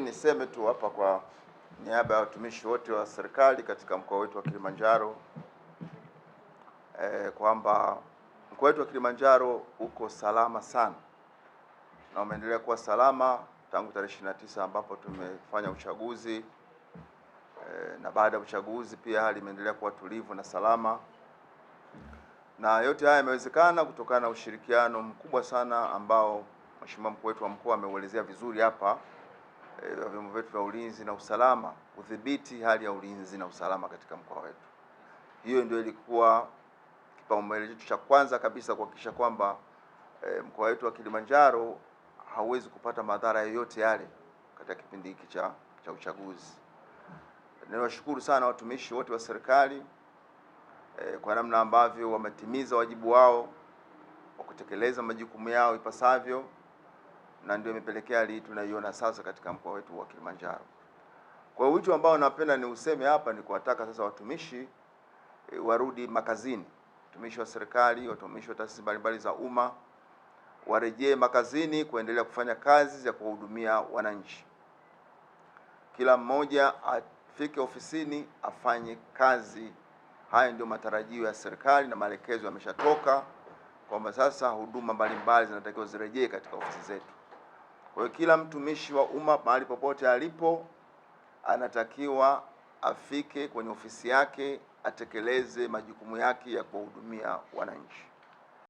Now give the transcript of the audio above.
niseme tu hapa kwa niaba ya watumishi wote wa serikali katika mkoa wetu wa Kilimanjaro eh, kwamba mkoa wetu wa Kilimanjaro uko salama sana na umeendelea kuwa salama tangu tarehe 29 ambapo tumefanya uchaguzi e, na baada ya uchaguzi pia hali imeendelea kuwa tulivu na salama, na yote haya yamewezekana kutokana na ushirikiano mkubwa sana ambao mheshimiwa mkuu wetu wa mkoa ameuelezea vizuri hapa vya eh, vyombo vyetu vya ulinzi na usalama kudhibiti hali ya ulinzi na usalama katika mkoa wetu. Hiyo ndio ilikuwa kipaumbele chetu cha kwanza kabisa, kuhakikisha kwamba e, mkoa wetu wa Kilimanjaro hauwezi kupata madhara yoyote yale katika kipindi hiki cha cha uchaguzi. Niwashukuru sana watumishi wote wa serikali e, kwa namna ambavyo wametimiza wajibu wao wa kutekeleza majukumu yao ipasavyo na ndio imepelekea hali tunaiona sasa katika mkoa wetu wa Kilimanjaro. Kwa hiyo wito ambao napenda ni useme hapa ni kuwataka sasa watumishi e, warudi makazini, watumishi wa serikali, watumishi wa taasisi mbalimbali za umma warejee makazini kuendelea kufanya kazi za kuwahudumia wananchi. Kila mmoja afike ofisini afanye kazi. Haya ndio matarajio ya serikali na maelekezo yameshatoka kwamba sasa huduma mbalimbali zinatakiwa zirejee katika ofisi zetu. Kwa hiyo kila mtumishi wa umma mahali popote alipo anatakiwa afike kwenye ofisi yake atekeleze majukumu yake ya kuwahudumia wananchi.